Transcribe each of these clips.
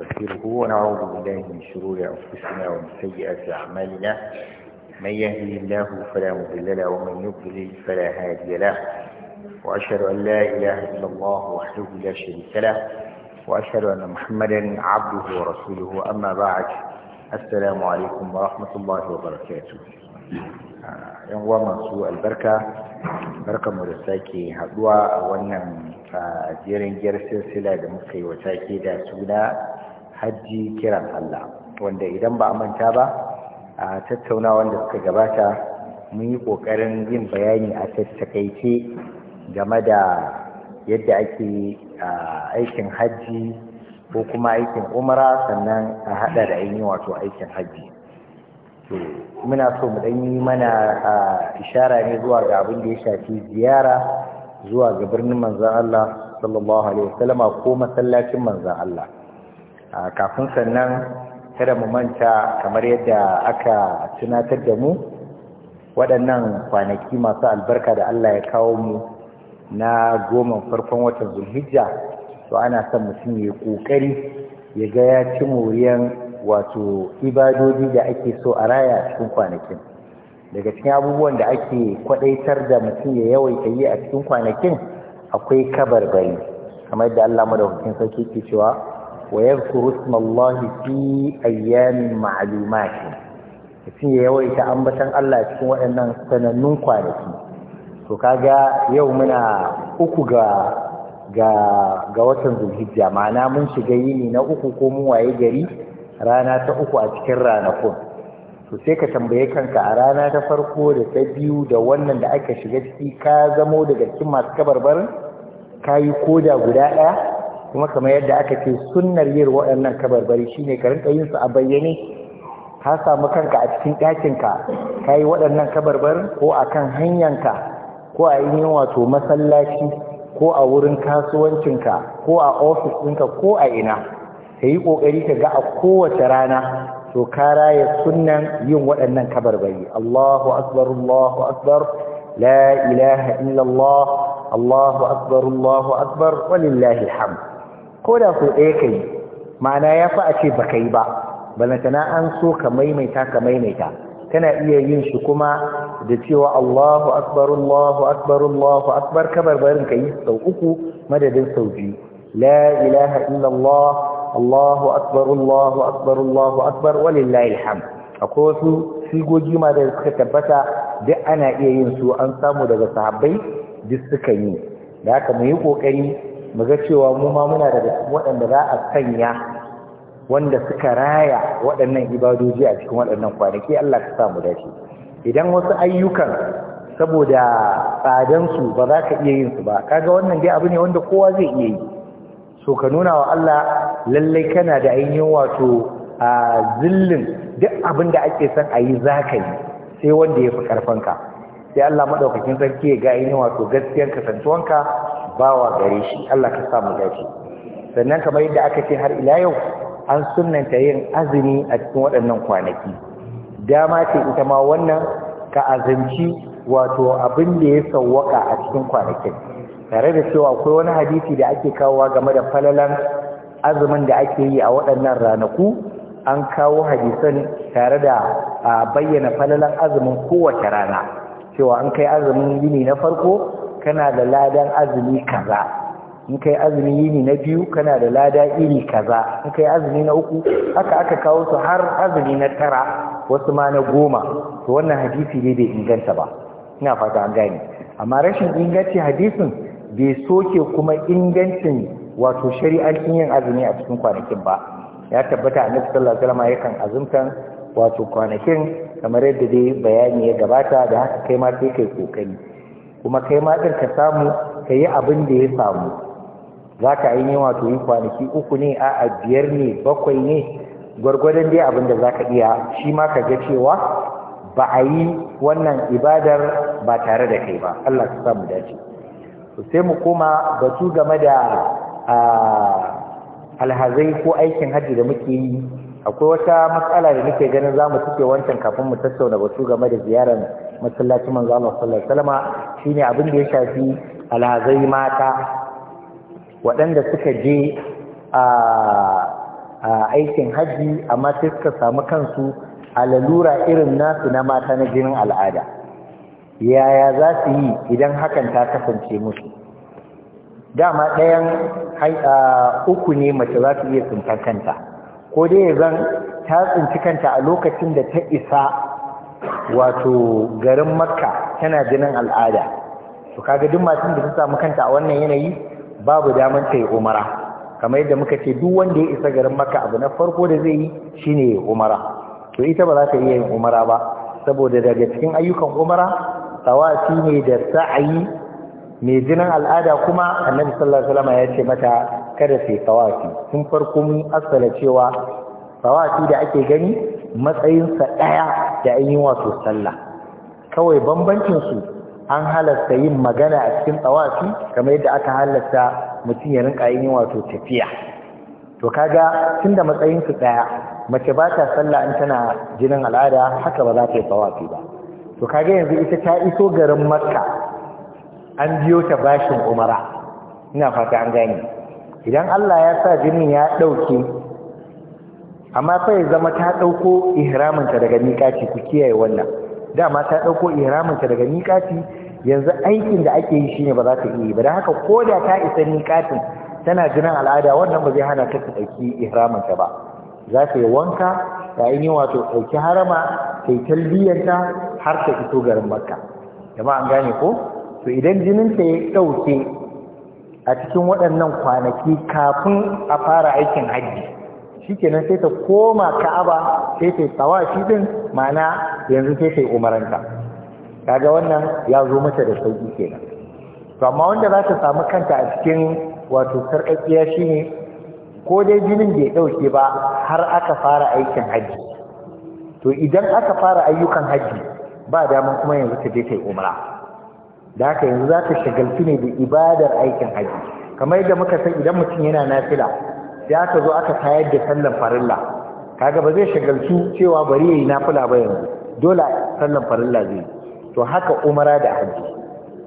ونستغفره ونعوذ بالله من شرور أنفسنا ومن سيئات أعمالنا من يهدي الله فلا مضل له ومن يضلل فلا هادي له وأشهد أن لا إله إلا الله وحده لا شريك له وأشهد أن محمدا عبده ورسوله أما بعد السلام عليكم ورحمة الله وبركاته yan uwa masu albarka barkanmu da sake haduwa a wannan jerin giyar silsila da muka yi wata ke da suna hajji kiran Allah wanda idan ba a manta ba a tattauna wanda suka gabata mun yi kokarin yin bayani a tattakaice game da yadda ake aikin hajji ko kuma aikin umara sannan a haɗa da ainihin wato aikin hajji to muna so mu ɗan yi mana ishara ne zuwa ga abin da ya shafi ziyara zuwa ga birnin manzan Allah sallallahu alaihi wasallama ko masallacin manzan Allah kafin sannan kada mu manta kamar yadda aka tunatar da mu waɗannan kwanaki masu albarka da Allah ya kawo mu na goma farkon watan zulhijja to ana son mutum ya ƙoƙari ya ga ya ci moriyan wato ibadodi da ake so a raya cikin kwanakin daga cikin abubuwan da ake kwadaitar da mutum ya yawaita yi a cikin kwanakin akwai kabarbari kamar yadda Allah madaukakin sarki ke cewa ويذكر اسم الله في أيام معلومات mutum ya yawaita ambatan Allah cikin waɗannan sanannun kwanaki to kaga yau muna uku ga ga ga watan zulhijja ma'ana mun shiga yini na uku ko mun waye gari rana ta uku a cikin ranakun to sai ka tambaye kanka a rana ta farko da ta biyu da wannan da aka shiga ciki ka zamo daga cikin masu kabarbarin ka yi koda guda ɗaya kuma kamar yadda aka ce sunnar yin waɗannan kabarbari shine ka rinka yin su a bayyane ka samu kanka a cikin ɗakinka ka yi waɗannan kabarbarin ko a kan hanyanka ko a yi wato masallaci ko a wurin kasuwancinka ko a ofis ɗinka ko a ina ka yi ƙoƙari ka ga a kowace rana to ka raya sunnan yin waɗannan kabarbari Allahu akbar Allahu akbar la ilaha illallah Allahu akbar Allahu akbar walillahi alhamd ko da so ɗaya ka yi ma'ana ya fi a ce ba ka yi ba balantana an so ka maimaita ka maimaita Tana iya yin shi kuma da cewa Allahu akbar Allahu akbar Allahu akbar kabar barin ka yi sau uku madadin sau biyu la ilaha illallah Allahu akbar Allahu akbar Allahu akbar walillahi alham. akwai wasu sigogi ma da suka tabbata duk ana iya yin su an samu daga sahabbai duk suka yi da haka mu yi kokari ga cewa mu ma muna daga cikin waɗanda za a sanya wanda suka raya waɗannan ibadoji a cikin waɗannan kwanaki Allah ka mu dace idan wasu ayyukan saboda tsadansu ba za ka iya yin su ba kaga wannan dai abu ne wanda kowa zai iya yi so ka nuna wa Allah lallai kana da ainihin wato a zillin duk abin da ake son a yi za ka yi sai wanda ya fi karfanka sai Allah maɗaukakin sarki ya ga ainihin wato gaskiyar kasantuwanka bawa gare shi Allah ka sa mu dace sannan kamar yadda aka ce har ila yau an sunnanta yin azumi a cikin waɗannan kwanaki dama ce ita ma wannan ka azanci wato abin da ya sawwaka a cikin kwanakin tare da cewa akwai wani hadisi da ake kawowa game da falalan azumin da ake yi a waɗannan ranaku an kawo hadisan tare da bayyana falalan azumin kowace rana cewa an kai azumin yini na farko kana da ladan azumi kaza in kai azumi yini na biyu kana da lada iri kaza in kai azumi na uku haka aka kawo su har azumi na tara wasu ma na goma to wannan hadisi ne bai inganta ba ina fata an gane amma rashin inganci hadisin bai soke kuma ingancin wato shari'ar yin azumi a cikin kwanakin ba ya tabbata a sallallahu sallar wasallam yakan azumtan wato kwanakin kamar yadda dai bayani ya gabata da haka kai ma sai kai kokari kuma kai ma ɗin ka samu ka yi abin da ya samu za ka yi wato yi kwanaki uku ne a biyar ne bakwai ne gwargwadon dai abin da za ka iya shi ma ka ga cewa ba a yi wannan ibadar ba tare da kai ba Allah ka samu dace sai mu koma batu game da alhazai ko aikin hajji da muke yi akwai wata matsala da nake ganin za mu cike wancan kafin mu tattauna ba su game da ziyarar masallacin manzo Allah sallallahu alaihi wasallam shine abin da ya shafi alhazai mata waɗanda suka je a aikin haji amma sai suka samu kansu a irin nasu na mata na jinin al'ada yaya za su yi idan hakan ta kasance musu dama ɗayan uku ne mace za su iya tsinta kanta ko dai ya zan ta tsinci kanta a lokacin da ta isa wato garin makka tana jinin al'ada to kaga duk matan da ta samu kanta a wannan yanayi babu daman ta yi umara kamar yadda muka ce duk wanda ya isa garin makka abu na farko da zai yi shine ya umara to ita ba za ta iya yin umara ba saboda daga cikin ayyukan umara shi ne da sa'ayi mai jinin al'ada kuma annabi sallallahu alaihi wasallam ya ce mata kada sai tawafi sun farko mun asala cewa tawafi da ake gani matsayinsa ɗaya da an yi wato sallah kawai bambancin su an halasta yin magana a cikin tawafi kamar yadda aka halasta mutum ya rinka yin wato tafiya to kaga tunda matsayinsu ɗaya mace ba ta sallah in tana jinin al'ada haka ba za ta yi tawafi ba to kaga yanzu ita ta iso garin makka an biyo ta bashin umara ina fata an gane idan Allah ya sa jinin ya ɗauke amma sai zama ta ɗauko ihraminta daga miƙaci ku kiyaye wannan dama ta ɗauko ihraminta daga miƙaci yanzu aikin da ake yi shine ba za ta iya yi ba don haka ko da ta isa niƙacin tana jinin al'ada wannan ba zai hana ta ta ɗauki ihraminta ba za ta yi wanka ta yi wato ɗauki harama ta yi talbiyanta har ta fito garin makka jama'a an gane ko to idan jinin ta ya ɗauke a cikin waɗannan kwanaki kafin a fara aikin hajji shikenan sai ta koma ka'aba sai ta tsawa din mana yanzu sai ta yi umaranta kaga wannan ya zo mata da sauƙi kenan to amma wanda za ta samu kanta a cikin wato sarƙaƙiya shine ko dai jinin bai ɗauke ba har aka fara aikin hajji to idan aka fara ayyukan hajji ba daman kuma yanzu ta je ta yi umra da haka yanzu za ka shagaltu ne da ibadar aikin haji kamar yadda muka san idan mutum yana nafila sai aka zo aka tayar da sallan farilla kaga ba zai shagalci cewa bari yayi nafila ba yanzu dole sallan farilla zai to haka umara da haji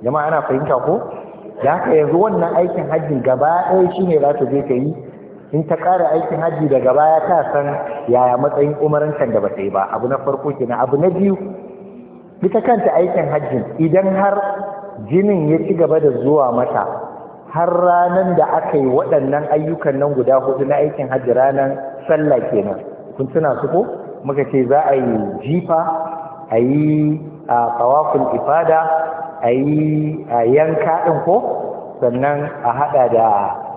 jama'a ana fahimta ko da haka yanzu wannan aikin haji gaba ɗaya shine za ta je ta yi in ta ƙara aikin haji daga baya ta san yaya matsayin umarancan da ba ta yi ba abu na farko kenan abu na biyu ita kanta aikin hajjin idan har jinin ya ci gaba da zuwa mata har ranar da aka yi waɗannan ayyukan nan guda hudu na aikin hajji ranar sallah kenan kun tuna su ko muka ce za a yi jifa a yi a ifada a yi a yanka ɗin ko sannan a haɗa da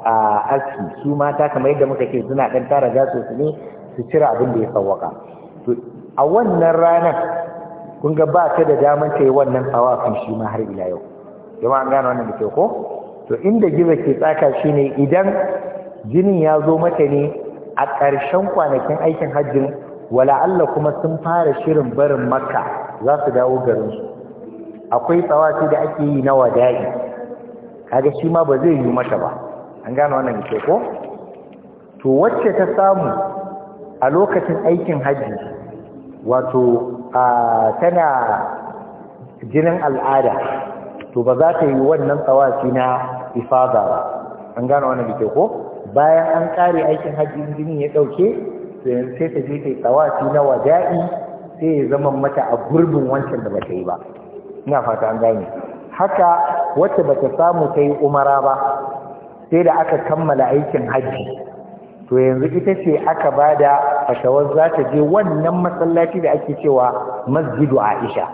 a aski su mata kamar yadda muka ce suna ɗan tara za su ne su cire abin da ya sawwaka a wannan ranar kun ga ba ta da damar ta yi wannan tawafin shi ma har ila yau jama'a gane wannan da ke ko to inda gizo ke tsaka shi ne idan jinin ya zo mata ne a ƙarshen kwanakin aikin hajjin wala Allah kuma sun fara shirin barin makka za su dawo garinsu akwai tsawaci da ake yi na wada'i kaga shi ma ba zai yi mata ba an gane wannan ke ko to wacce ta samu a lokacin aikin hajji wato tana jinin al'ada to ba za ta yi wannan tsawafi na ifada ba an gano wani da ke ko bayan an kare aikin hajji jini ya dauke sai ta je ta yi tsawafi na wada'i sai ya zama mata a gurbin wancan da bata yi ba ina fata an gane haka wacce bata samu ta yi umara ba sai da aka kammala aikin hajji to yanzu ita ce aka bada fatawar za ta je wannan masallaci da ake cewa masjidu aisha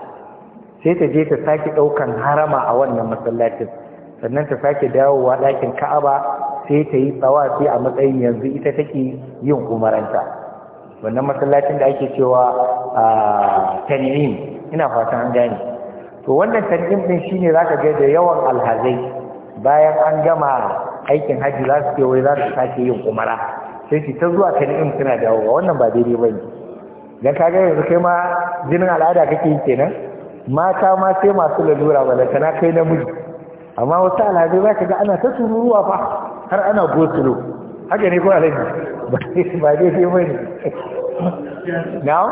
sai ta je ta sake ɗaukan harama a wannan masallacin sannan ta sake dawowa ɗakin ka'aba sai ta yi sai a matsayin yanzu ita take yin umaranta wannan masallacin da ake cewa tan'im ina fatan an gane to wannan tan'im din shine zaka ga da yawan alhazai bayan an gama aikin haji za su kewaye za su sake yin umara sai su ta zuwa tan'im suna dawowa wannan ba daidai bane dan kaga yanzu kai ma jinin al'ada kake yi kenan mata ma sai masu lalura balaka na kai namiji amma wasu alhazai za ka ga ana ta tururuwa fa har ana gosulo haka ne ko alhaji ba dai sai mai na'am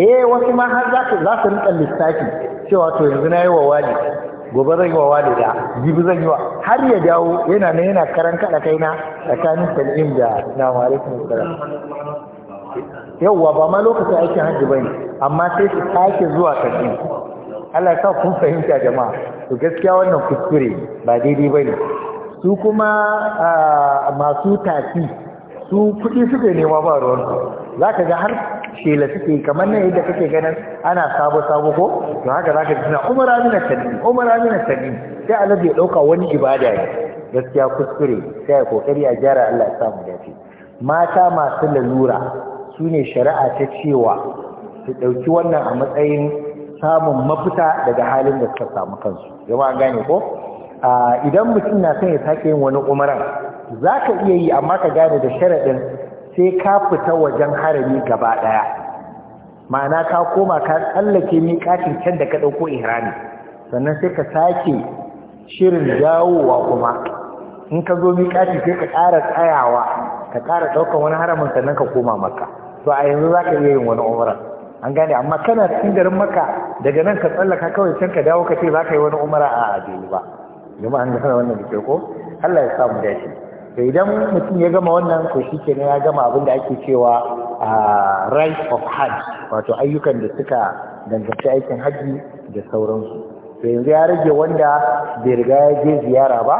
eh wasu ma har za su rikon su lissafi cewa to yanzu na yi wa wali gobe zan yi wa wali da jibi zan yi wa har ya dawo yana na yana karan kaɗa kaina tsakanin tan'im da na alaikum assalam yauwa ba ma lokacin aikin hajji bane amma sai su sake zuwa kashi Allah ya sa kun fahimta jama'a to gaskiya wannan kuskure ba daidai ba ne, su kuma masu tafi su kuɗi suke nema ba ruwan za ka ga har shela suke kamar nan yadda kake ganin ana sabo sabo ko to haka za ka ji suna umar amina umar amina sai alabi ya ɗauka wani ibada ne gaskiya kuskure sai ya kokari a gyara Allah ya samu dafi mata masu lalura su ne shari'a ta cewa su ɗauki wannan a matsayin samun mafita daga halin da suka samu kansu yawa gane ko idan mutum na son ya sake yin wani umaran za ka iya yi amma ka gane da sharaɗin sai ka fita wajen harami gaba ɗaya ma'ana ka koma ka tsallake miƙatin can da ka ɗauko ihrami sannan sai ka sake shirin dawowa kuma in ka zo miƙati sai ka ƙara tsayawa ka ƙara ɗaukar wani haramin sannan ka koma maka to a yanzu za ka iya yin wani umara an gane amma kana cikin garin maka daga nan ka tsallaka kawai can ka dawo ka ce za ka yi wani umara a adili ba jama'a an gane wannan da ko Allah ya samu shi. to idan mutum ya gama wannan to shi ke ya gama abin da ake cewa a right of hajj wato ayyukan da suka danganci aikin hajji da sauransu to yanzu ya rage wanda bai riga ya je ziyara ba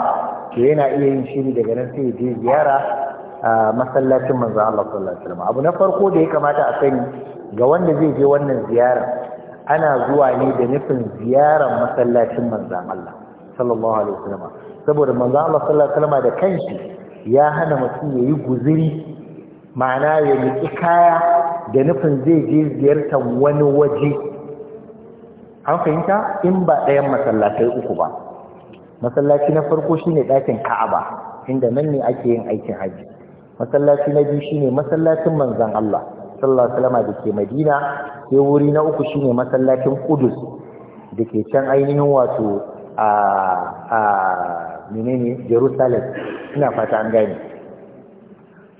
to yana iya yin shiri daga nan sai ya je ziyara a masallacin manzo Allah sallallahu alaihi wasallam abu na farko da ya kamata a sani ga wanda zai je wannan ziyara ana zuwa ne da nufin ziyarar masallacin manzo Allah sallallahu alaihi wasallam saboda manzo Allah sallallahu alaihi wasallam da kanshi ya hana mutum yayi guziri ma'ana ya miki kaya da nufin zai je ziyartar wani waje an fahimta in ba ɗayan masallatai uku ba masallaci na farko shine ɗakin Ka'aba inda nan ne ake yin aikin hajji masallaci na biyu shine masallacin manzon Allah sallallahu alaihi wasallam da ke Madina sai wuri na uku shine masallacin Qudus da ke can ainihin wato a a menene Jerusalem ina fata an gane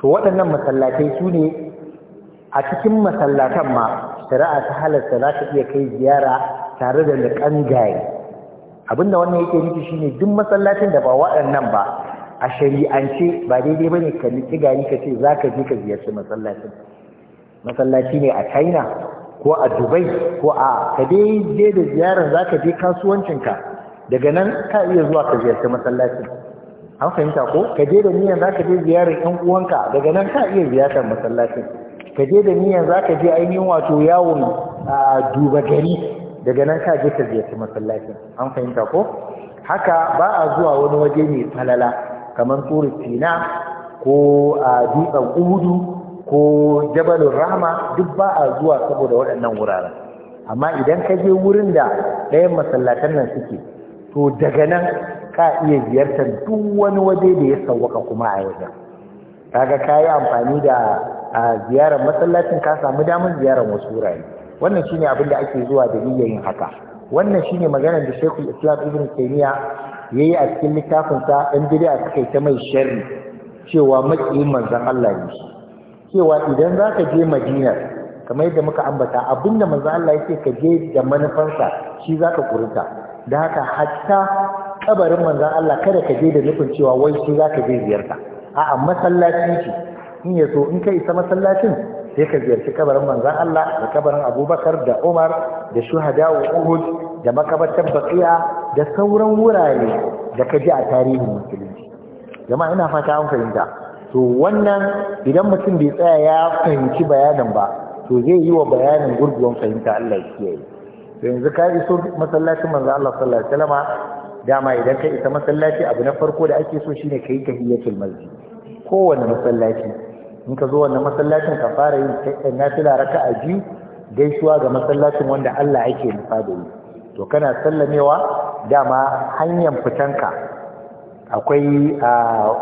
to waɗannan masallatai su ne a cikin masallatan ma shari'a ta halarta za ta iya kai ziyara tare da liƙan gaye abinda wannan yake nufi shine duk masallacin da ba waɗannan ba a shari'ance ba daidai bane ka nitsi gari ka ce za ka je ka ziyarci masallacin masallaci ne a china ko a dubai ko a ka je da ziyarar za ka je kasuwancinka daga nan ka iya zuwa ka ziyarci masallacin an fahimta ko ka je da niyan za ka je ziyarar yan uwanka daga nan ka iya ziyartar masallacin ka je da niyan za ka je ainihin wato yawon a duba gari daga nan ka je ka ziyarci masallacin an fahimta ko haka ba a zuwa wani waje mai falala kamar turi sina ko a dutsen uhudu ko jabalin rahama duk ba a zuwa saboda waɗannan wuraren amma idan ka je wurin da ɗayan masallatan nan suke to daga nan ka iya ziyartar duk wani waje da ya sauwaka kuma a Ta kaga ka yi amfani da ziyarar masallacin ka samu damar ziyarar wasu wurare wannan shine abin da ake zuwa da niyyar yin haka wannan shine maganar da shekul Islam Ibn taimiyya. ya yi a cikin littafinsa ɗan bid'a suka ta mai sharri cewa maƙi manzan Allah ne cewa idan za ka je madina kamar yadda muka ambata abinda manzan Allah yake ka je da manufansa shi za ka kurinta da haka hatta ƙabarin manzan Allah kada ka je da nufin cewa wai shi za ka je ziyarta a'a masallaci ce in ya so in ka isa masallacin sai ka ziyarci kabarin manzan Allah da kabarin Abubakar da Umar da shuhada wa Uhud da makabatar baqiya da sauran wurare da ka ji a tarihin musulunci jama'a ina fata an fahimta to wannan idan mutum bai tsaya ya fahimci bayanin ba to zai yi wa bayanin gurguwan fahimta Allah ya kiyaye to yanzu ka iso masallacin manzo Allah sallallahu alaihi wasallam dama idan ka isa masallaci abu na farko da ake so shine kai tahiyatul masjid kowanne masallaci in ka zo wannan masallacin ka fara yin nafila raka'a biyu gaisuwa ga masallacin wanda Allah yake nufa da yi to kana sallamewa dama hanyar fitanka akwai a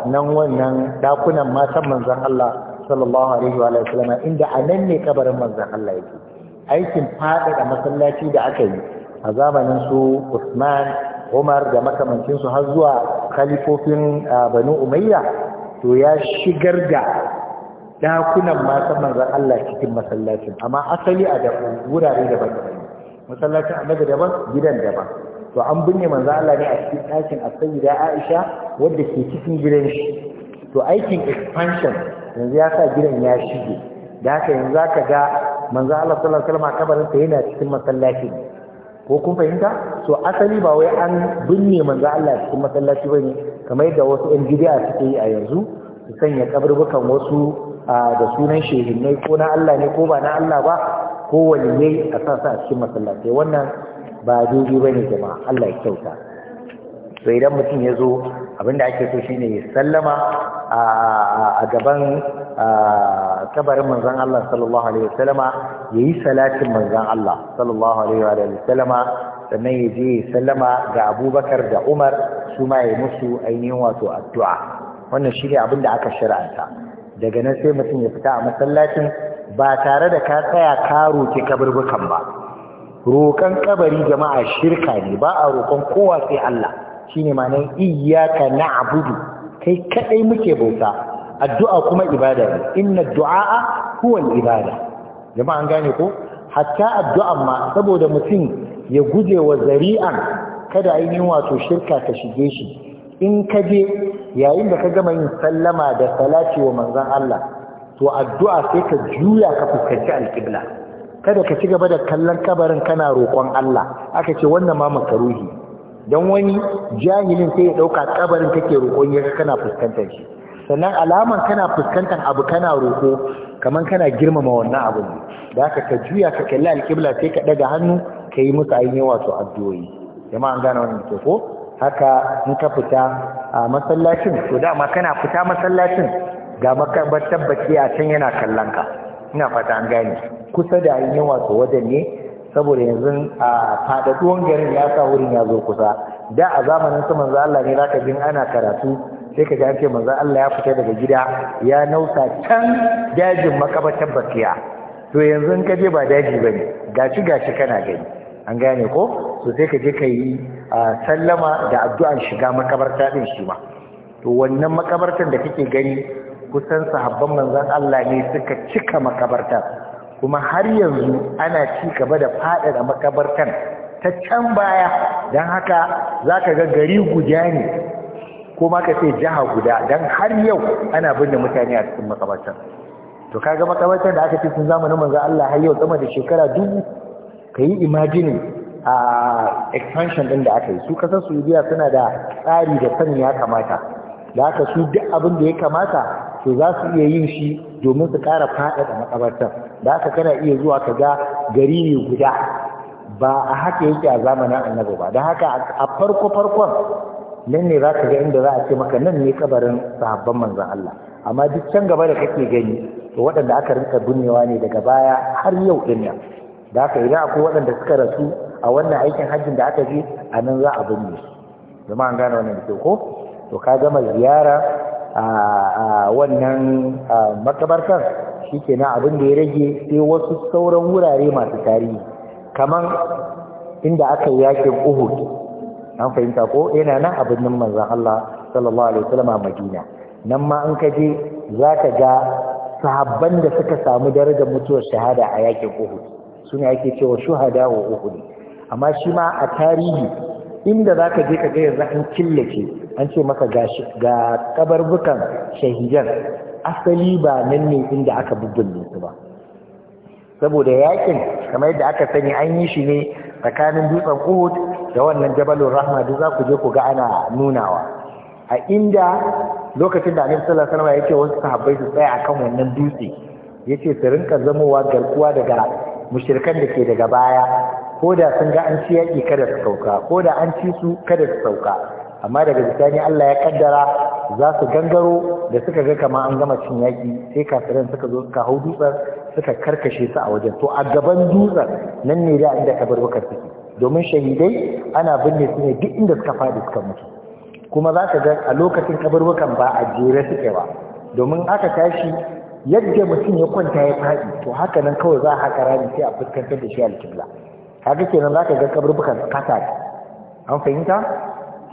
nan wannan dakunan matan manzon Allah sallallahu alaihi wa sallam inda a nan ne kabarin manzon Allah yake aikin faɗaɗa masallaci da aka yi a zamanin su Usman Umar da makamancin su har zuwa khalifofin Banu Umayya to ya shigar da dakunan matan manzon Allah cikin masallacin amma asali a da wurare daban-daban masallacin annabi daban gidan daban to an binne manzo Allah ne a cikin ɗakin as-sayyida Aisha wanda ke cikin gidan shi to aikin expansion yanzu ya sa gidan ya shige da haka yanzu zaka ga manzo Allah sallallahu alaihi wasallam kabarin sa yana cikin masallaci ko kun fahimta so asali ba wai an binne manzo Allah cikin masallaci bane kamar da wasu ɗan gidiya suke yi a yanzu su sanya kaburbukan wasu da sunan shehinnai ko na Allah ne ko ba na Allah ba ko waliyai a sasa a cikin masallatai wannan ba daidai ne jama'a Allah ya kyauta to idan mutum ya zo abinda ake so shine ya sallama a gaban kabarin manzon Allah sallallahu alaihi wasallama yayi salatin manzon Allah sallallahu alaihi wasallama sannan ya je ya sallama ga Abubakar da Umar su ma ya musu ainihin wato addu'a wannan shine abinda aka shar'anta daga nan sai mutum ya fita a masallacin ba tare da ka tsaya ka roƙi kaburbukan ba roƙon kabari jama'a shirka ne ba a roƙon kowa sai Allah shine ma'anar iyyaka na'budu kai kadai muke bauta addu'a kuma ibada ne inna du'a huwa ibada jama'a an gane ko hatta addu'a ma saboda mutum ya guje wa zari'an kada ainihin wato shirka ta shige shi in ka je yayin da ka gama yin sallama da salati wa manzon Allah to addu'a sai ka juya ka fuskanci alƙibla kada ka ci gaba da kallon kabarin kana roƙon Allah aka ce wannan ma makaruhi don wani jahilin sai ya ɗauka kabarin kake roƙon yaka kana fuskantar shi sannan alaman kana fuskantar abu kana roƙo kaman kana girmama wannan abu ne da haka ka juya ka kalli alƙibla sai ka ɗaga hannu ka yi musu ainihin wato addu'o'i jama'a an gane wannan ko haka in ka fita a masallacin to dama kana fita masallacin ga makabartar baki a can yana kallon ka ina fata an gane kusa da yin yawa to wajen ne saboda yanzu a faɗaɗuwan garin ya sa wurin ya zo kusa da a zamanin su manzo Allah ne zaka jin ana karatu sai ka ga an ce manzo Allah ya fita daga gida ya nausa can dajin makabartar bakiya to yanzu in ka je ba daji bane gashi gashi kana gani an gane ko to sai ka je ka yi sallama da addu'an shiga makabarta din shi ma to wannan makabartar da kake gani kusan sahabban manzan Allah ne suka cika makabarta kuma har yanzu ana ci gaba da da makabartan ta can baya don haka za ka ga gari guda ne ko ma ka ce jiha guda don har yau ana binne mutane a cikin makabartan to kaga makabartan da aka ce sun zamanin manzan Allah har yau sama da shekara dubu ka yi imajinin a expansion ɗin da aka yi su kasar biya suna da tsari da sani ya kamata da aka su duk abin da ya kamata to za su iya yin shi domin su ƙara faɗaɗa makabartar da aka kana iya zuwa ka ga gari ne guda ba a haka yake a zamanin annabi ba da haka a farko farkon nan ne za ka ga inda za a ce maka nan ne kabarin sahabban manzon Allah amma duk can gaba da kake gani to waɗanda aka rinka binnewa ne daga baya har yau din nan da haka idan akwai waɗanda suka rasu a wannan aikin hajjin da aka je a nan za a binne su an gane wannan da ko to ka gama ziyara a wannan makabartar shi ke na abin da ya rage sai wasu sauran wurare masu tarihi kamar inda aka yi yakin uhud an fahimta ko yana nan abin nan manzan Allah sallallahu alaihi wasallam a Madina nan ma an kaje za ka ga sahabban da suka samu darajar mutuwar shahada a yakin uhud suna ake cewa shuhada wa uhud amma shi ma a tarihi inda za ka je ka ga yanzu an killace an ce maka ga kabarbukan shahidan asali ba nan ne inda aka bubbulle su ba saboda yakin kamar yadda aka sani an yi shi ne tsakanin dutsen Uhud da wannan jabalun Rahma duk za ku je ku ga ana nunawa a inda lokacin da Annabi sallallahu alaihi wasallam yake wasu sahabbai su tsaya akan wannan dutse ya ce su rinka zamowa garkuwa daga mushrikan da ke daga baya ko da sun ga an ci yaki kada su sauka ko da an ci su kada su sauka amma daga bisani Allah ya kaddara za su gangaro da suka ga kama an gama cin yaƙi sai kafiran suka zo suka hau dutsen suka karkashe su a wajen to a gaban dutsen nan ne da inda kabar baka suke domin shahidai ana binne su ne duk inda suka faɗi suka mutu kuma za ka ga a lokacin kabarwakan ba a jere suke ba domin aka tashi yadda mutum ya kwanta ya faɗi to haka nan kawai za a haka rami sai a fuskantar da shi alkibla haka kenan za ka ga kabarwakan kasa an fahimta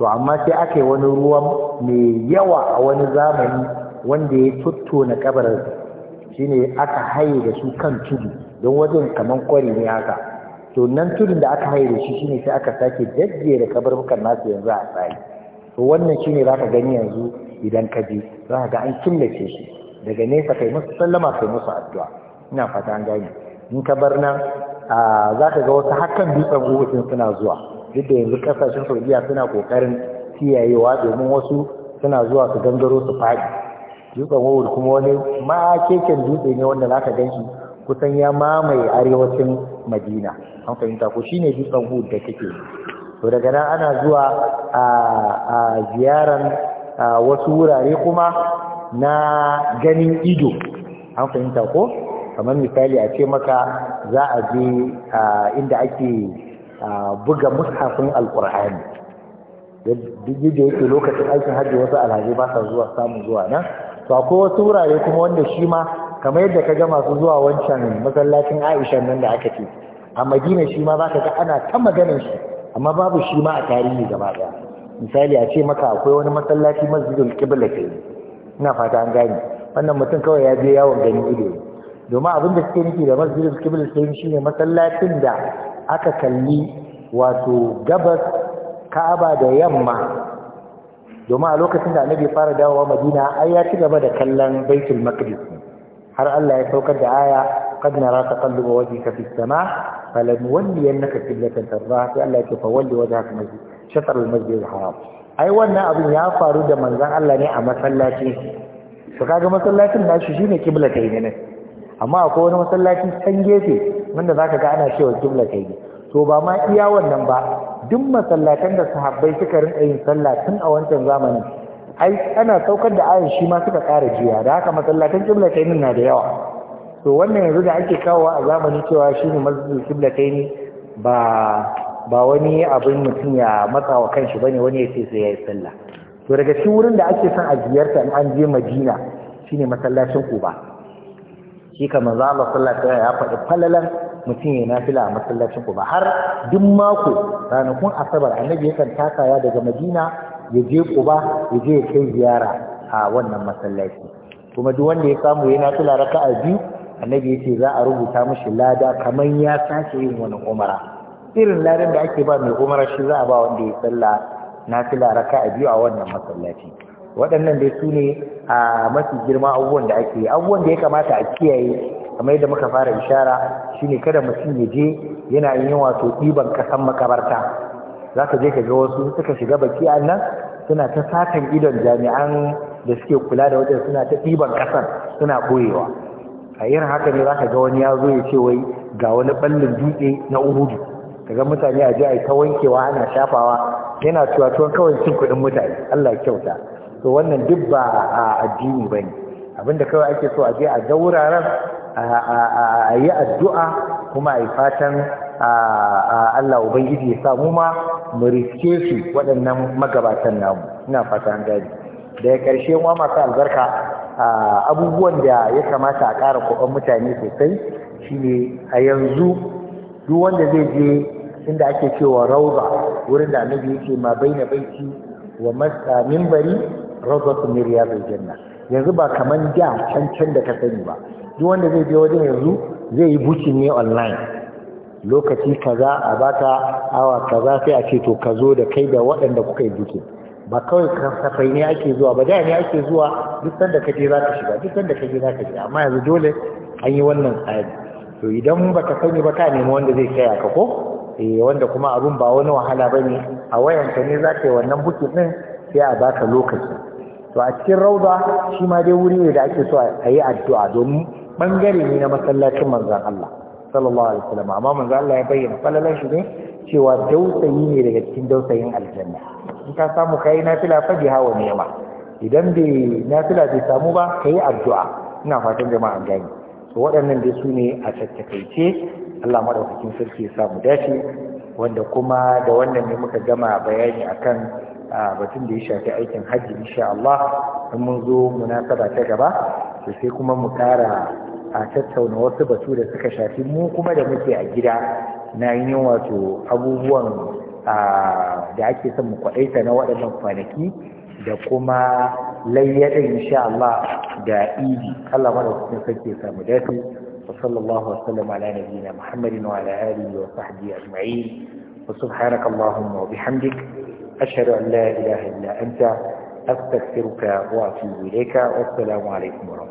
to amma sai aka yi wani ruwan mai yawa a wani zamani wanda ya tuttona kabarin shine aka haye da su kan tudu don wajen kamar kwari ne haka to nan tudun da aka haye da shi shine sai aka sake da kabarbukan nasu yanzu a tsaye to wannan shine zaka gani yanzu idan ka je zaka ga an killace shi daga nesa kai musu sallama kai musu addu'a ina fata an gane in ka bar nan zaka ga wasu hakan dutsen uhutin suna zuwa duk da yanzu kasashen saudiya suna kokarin kiyayewa domin wasu suna zuwa su gangaro su faɗi dutsen wawul kuma wani makeken dutse ne wanda zaka gan shi kusan ya mamaye arewacin madina an fahimta ko shine dutsen hud da kake to daga nan ana zuwa a ziyaran wasu wurare kuma na ganin ido an fahimta ko kamar misali a ce maka za a je inda ake buga mushafin alkur'ani duk da yake lokacin aikin hajji wasu alhaji ba sa zuwa samun zuwa nan to akwai wasu wurare kuma wanda shi ma kamar yadda ka ga masu zuwa wancan masallacin aisha nan da aka ce a madina shi ma za ka ga ana ta maganar shi amma babu shi ma a tarihi gaba daya misali a ce maka akwai wani masallaci masjidin kibla ke ina fata an gane wannan mutum kawai ya je yawon gani ido domin abin da suke nufi da masjidin kibla ke shine masallacin da aka kalli wato gabas ka'aba da yamma domin a lokacin da annabi fara dawowa madina ai ya ci gaba da kallon baitul maqdis har Allah ya saukar da aya qad nara taqalluba wajhika fis sama falan walliyannaka qiblatan tardaha sai Allah ya ce fa wajhaka masjid shatr al masjid al haram ai wannan abin ya faru da manzon Allah ne a masallaci to kaga masallacin nashi shine qiblatai ne amma akwai wani masallaci can gefe wanda zaka ga ana cewa kibla kai to ba ma iya wannan ba duk masallatan da sahabbai suka rinka yin sallah tun a wancan zamani? ai ana saukar da ayin shi ma suka ƙara jiya da haka masallatan kibla kai na da yawa to wannan yanzu da ake kawowa a zamani cewa shine masjidul kai ba ba wani abin mutum ya matsa wa kanshi bane wani ya ce sai yayi sallah to daga cikin wurin da ake son a ziyarta in an je Madina shine masallacin Quba shi ka za mu sallallahu alaihi ya faɗi falalan mutum ya nafila a masallacin ku ba har duk mako ranakun asabar annabi yakan ya daga Madina ya je Quba ya je ya kai ziyara a wannan masallaci kuma duk wanda ya samu ya nafila raka'a biyu annabi yace za a rubuta mishi lada kamar ya sace yin wani umara irin ladan da ake ba mai umara shi za a ba wanda ya salla nafila raka'a biyu a wannan masallaci waɗannan dai su ne a mafi girma abubuwan da ake yi, abubuwan da ya kamata a kiyaye kamar yadda muka fara ishara shine kada mutum ya je yana yin wato ɗiban kasan makabarta za ka je ka ga wasu suka shiga baki a nan suna ta satan idon jami'an da suke kula da wajen suna ta ɗiban kasan suna ɓoyewa a irin haka ne za ka ga wani ya zo ya ce wai ga wani ɓallin dutse na uhudu ga mutane a je a yi ta wankewa ana shafawa yana tuwa tuwon kawai cin kuɗin mutane allah kyauta to wannan duk ba a addini ba ne abinda kawai ake so a je a ga wuraren a yi addu'a kuma a yi fatan Allah Ubangiji ya samu ma mu riske su waɗannan magabatan namu ina fata an gani daga ƙarshe wa masu albarka abubuwan da ya kamata a ƙara kuɓan mutane sosai shine a yanzu duk wanda zai je inda ake cewa rauba wurin da annabi yake ma baina baiti wa minbari rawdatu min zai janna yanzu ba kaman da cancan da ka sani ba duk wanda zai je wajen yanzu zai yi bukin ne online lokaci kaza a baka awa kaza sai a ce to ka zo da kai da waɗanda kuka yi bukin ba kawai kasafai ne ake zuwa ba da ne ake zuwa duk sanda ka je za ka shiga duk sanda ka je za ka shiga amma yanzu dole an yi wannan tsari to idan ba ka sani ba ka nemi wanda zai kaya ka ko eh wanda kuma abun ba wani wahala ba ne a wayanka ne za ka yi wannan bukin ɗin sai a baka lokaci to a cikin rauda shi ma dai wuri ne da ake so a yi addu'a domin bangare ne na masallacin manzan Allah sallallahu alaihi wasallam amma manzan Allah ya bayyana falalan shi ne cewa dausayi ne daga cikin dausayin aljanna in ka samu kai nafila fa hawa ne idan bai nafila bai samu ba kai addu'a ina fatan jama'a gani to waɗannan dai su ne a tattakaice Allah madaukakin sarki ya samu dace wanda kuma da wannan ne muka gama bayani akan a batun da ya shafi aikin hajji insha Allah in mun zo munasaba ta gaba to sai kuma mu kara a tattauna wasu batu da suka shafi mu kuma da muke a gida na yin wato abubuwan da ake son mu kwaɗaita na waɗannan kwanaki da kuma layyadin insha Allah da idi Allah mada cikin sarki samu dafi wa sallallahu wa sallam ala nabiyina Muhammadin wa ala alihi wa sahbihi ajma'in wa subhanaka Allahumma wa bihamdik أشهد أن لا إله إلا أنت أستغفرك وأتوب إليك والسلام عليكم ورحمة الله